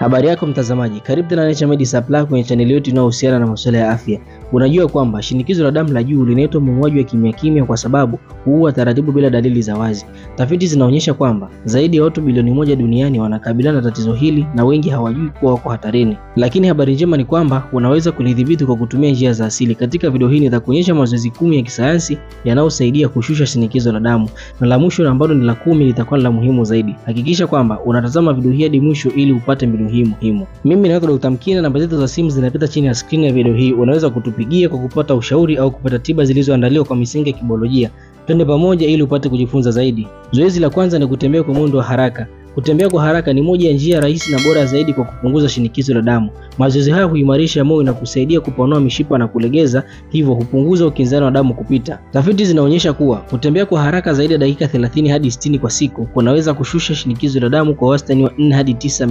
Habari yako mtazamaji, karibu tena Naturemed Supplies kwenye chaneli yetu inayohusiana na masuala ya afya. Unajua kwamba shinikizo la damu la juu linaitwa mauaji wa kimya kimya kwa sababu huua taratibu bila dalili za wazi. Tafiti zinaonyesha kwamba zaidi ya watu bilioni moja duniani wanakabiliana na tatizo hili na wengi hawajui kuwa wako hatarini. Lakini habari njema ni kwamba unaweza kulidhibiti kwa kutumia njia za asili. Katika video hii nitakuonyesha mazoezi kumi ya kisayansi yanayosaidia kushusha shinikizo la damu, na la mwisho ambalo ni la kumi litakuwa la muhimu zaidi. Hakikisha kwamba unatazama video hii hadi mwisho ili upate mbinu hii muhimu. Mimi naweka Dr. Mkina, namba zetu za simu zinapita chini ya skrini ya video hii. Unaweza kutupigia kwa kupata ushauri au kupata tiba zilizoandaliwa kwa misingi ya kibiolojia. Twende pamoja ili upate kujifunza zaidi. Zoezi la kwanza ni kutembea kwa mwendo wa haraka. Kutembea kwa haraka ni moja ya njia rahisi na bora zaidi kwa kupunguza shinikizo la damu. Mazoezi haya huimarisha moyo na kusaidia kupanua mishipa na kulegeza, hivyo hupunguza ukinzano wa damu kupita. Tafiti zinaonyesha kuwa kutembea kwa haraka zaidi ya dakika 30 hadi 60 kwa siku kunaweza kushusha shinikizo la damu kwa wastani wa 4 hadi 9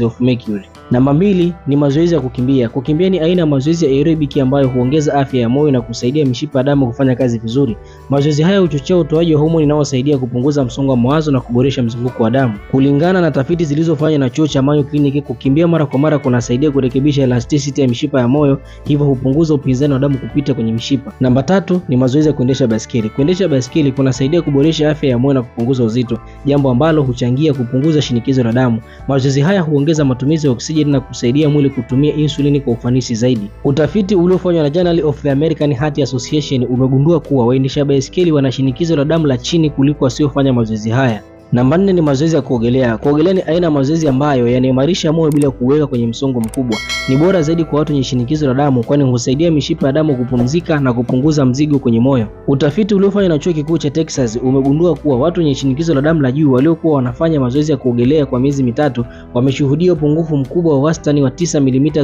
mm of mercury. Namba mbili ni mazoezi ya kukimbia. Kukimbia ni aina ya mazoezi ya aerobic ambayo huongeza afya ya moyo na kusaidia mishipa ya damu kufanya kazi vizuri. Mazoezi haya huchochea utoaji wa homoni inayosaidia kupunguza msongo wa mawazo na kuboresha mzunguko wa damu. Kuli Kulingana na tafiti zilizofanywa na chuo cha Mayo Clinic, kukimbia mara kwa mara kunasaidia kurekebisha elasticity ya mishipa ya moyo, hivyo hupunguza upinzani wa damu kupita kwenye mishipa. Namba tatu ni mazoezi ya kuendesha baiskeli. Kuendesha baiskeli kunasaidia kuboresha afya ya moyo na kupunguza uzito, jambo ambalo huchangia kupunguza shinikizo la damu. Mazoezi haya huongeza matumizi ya oksijeni na kusaidia mwili kutumia insulini kwa ufanisi zaidi. Utafiti uliofanywa na Journal of the American Heart Association umegundua kuwa waendesha baiskeli wana shinikizo la damu la chini kuliko wasiofanya mazoezi haya. Namba nne ni mazoezi ya kuogelea. Kuogelea ni aina ya mazoezi ambayo yanaimarisha moyo bila kuweka kwenye msongo mkubwa. Ni bora zaidi kwa watu wenye shinikizo la damu, kwani husaidia mishipa ya damu kupumzika na kupunguza mzigo kwenye moyo. Utafiti uliofanywa na chuo kikuu cha Texas umegundua kuwa watu wenye shinikizo la damu la juu waliokuwa wanafanya mazoezi ya kuogelea kwa miezi mitatu wameshuhudia upungufu mkubwa wa wastani wa 9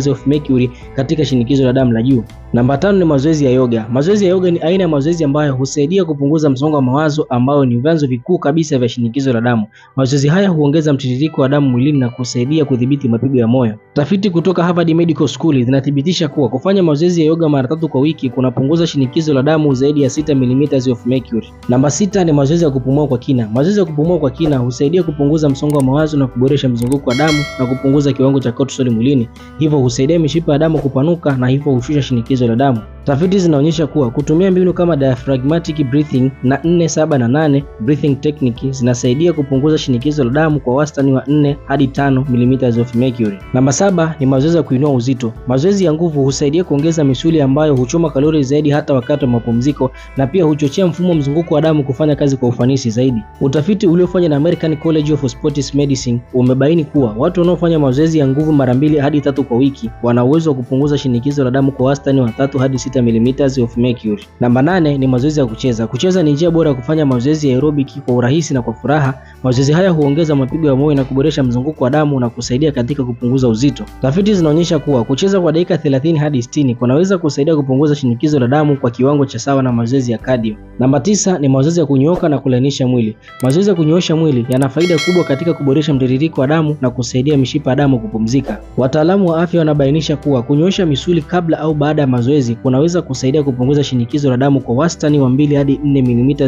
mm of mercury katika shinikizo la damu la juu. Namba tano ni mazoezi ya yoga. Mazoezi ya yoga ni aina ya mazoezi ambayo husaidia kupunguza msongo wa mawazo ambao ni vyanzo vikuu kabisa vya shinikizo la damu. Mazoezi haya huongeza mtiririko wa damu mwilini na kusaidia kudhibiti mapigo ya moyo. Tafiti kutoka Harvard Medical School zinathibitisha kuwa kufanya mazoezi ya yoga mara tatu kwa wiki kunapunguza shinikizo la damu zaidi ya 6 mm of mercury. Namba sita ni mazoezi ya kupumua kwa kina. Mazoezi ya kupumua kwa kina husaidia kupunguza msongo wa mawazo na kuboresha mzunguko wa damu na kupunguza kiwango cha cortisol mwilini, hivyo husaidia mishipa ya damu kupanuka na hivyo hushusha shinikizo la damu. Tafiti zinaonyesha kuwa kutumia mbinu kama diaphragmatic breathing na 478 na breathing technique zinasaidia kupunguza shinikizo la damu kwa wastani wa 4 hadi 5 mm of mercury. Namba saba ni mazoezi ya kuinua uzito. Mazoezi ya nguvu husaidia kuongeza misuli ambayo huchoma kalori zaidi hata wakati wa mapumziko na pia huchochea mfumo mzunguko wa damu kufanya kazi kwa ufanisi zaidi. Utafiti uliofanywa na American College of Sports Medicine umebaini kuwa watu wanaofanya mazoezi ya nguvu mara mbili hadi tatu kwa wiki wana uwezo wa kupunguza shinikizo la damu kwa wastani wa 3 hadi mm of mercury. Namba nane ni mazoezi ya kucheza. Kucheza ni njia bora ya kufanya mazoezi ya aerobic kwa urahisi na kwa furaha Mazoezi haya huongeza mapigo ya moyo na kuboresha mzunguko wa damu na kusaidia katika kupunguza uzito. Tafiti zinaonyesha kuwa kucheza kwa dakika 30 hadi 60 kunaweza kusaidia kupunguza shinikizo la damu kwa kiwango cha sawa na mazoezi ya cardio. Namba tisa ni mazoezi ya kunyooka na kulainisha mwili. Mazoezi ya kunyoosha mwili yana faida kubwa katika kuboresha mtiririko wa damu na kusaidia mishipa ya damu kupumzika. Wataalamu wa afya wanabainisha kuwa kunyoosha misuli kabla au baada ya mazoezi kunaweza kusaidia kupunguza shinikizo la damu kwa wastani wa 2 hadi 4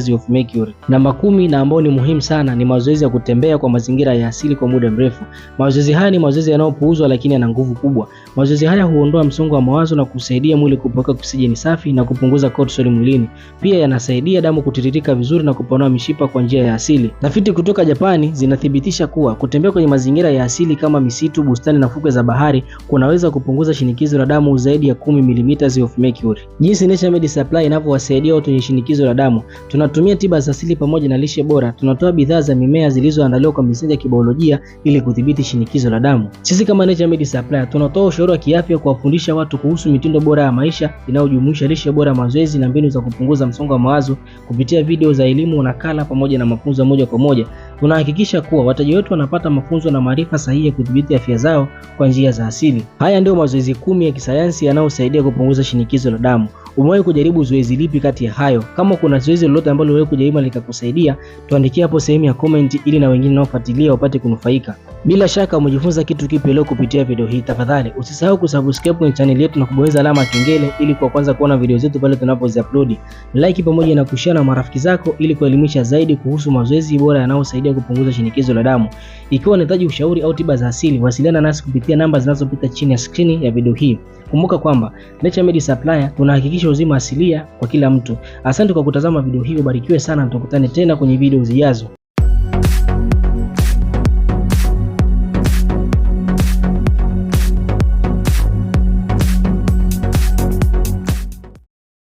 mm of mercury. Namba kumi na ambao ni muhimu sana ni mazoezi mazoezi ya kutembea kwa mazingira ya asili kwa muda mrefu. Mazoezi haya ni mazoezi yanayopuuzwa, lakini yana nguvu kubwa. Mazoezi haya huondoa msongo wa mawazo na kusaidia mwili kupata oksijeni safi na kupunguza cortisol mwilini. Pia yanasaidia damu kutiririka vizuri na kupanua mishipa kwa njia ya asili. Tafiti kutoka Japani zinathibitisha kuwa kutembea kwenye mazingira ya asili kama misitu, bustani na fukwe za bahari kunaweza kupunguza shinikizo la damu zaidi ya 10 mm of mercury. Jinsi Naturemed Supply inavyowasaidia watu wenye shinikizo la damu, tunatumia tiba za asili pamoja na lishe bora. Tunatoa bidhaa za mimea mimea zilizoandaliwa kwa misingi ya kibiolojia ili kudhibiti shinikizo la damu. Sisi kama Naturemed Supplies tunatoa ushauri wa kiafya kuwafundisha watu kuhusu mitindo bora ya maisha inayojumuisha lishe bora, mazoezi na mbinu za kupunguza msongo wa mawazo kupitia video za elimu, nakala pamoja na mafunzo moja kwa moja. Tunahakikisha kuwa wateja wetu wanapata mafunzo na maarifa sahihi ya kudhibiti afya zao kwa njia za asili. Haya ndio mazoezi kumi ya kisayansi yanayosaidia kupunguza shinikizo la damu. Umewahi kujaribu zoezi lipi kati ya hayo? Kama kuna zoezi lolote ambalo umewahi kujaribu likakusaidia, tuandikie hapo sehemu ya comment ili na wengine wanaofuatilia wapate kunufaika. Bila shaka umejifunza kitu kipi leo kupitia video hii. Tafadhali usisahau kusubscribe kwenye channel yetu na kubonyeza alama ya kengele ili kwa kwanza kuona video zetu pale upload. Like pamoja na kushare na marafiki zako ili kuelimisha zaidi kuhusu mazoezi bora yanayosaidia kupunguza shinikizo la damu. Ikiwa unahitaji ushauri au tiba za asili, wasiliana nasi kupitia namba zinazopita chini ya screen ya video hii. Kumbuka kwamba Naturemed Supplier tunahakikisha kufundisha uzima asilia kwa kila mtu. Asante kwa kutazama video hii, ubarikiwe sana, tukutane tena kwenye video zijazo.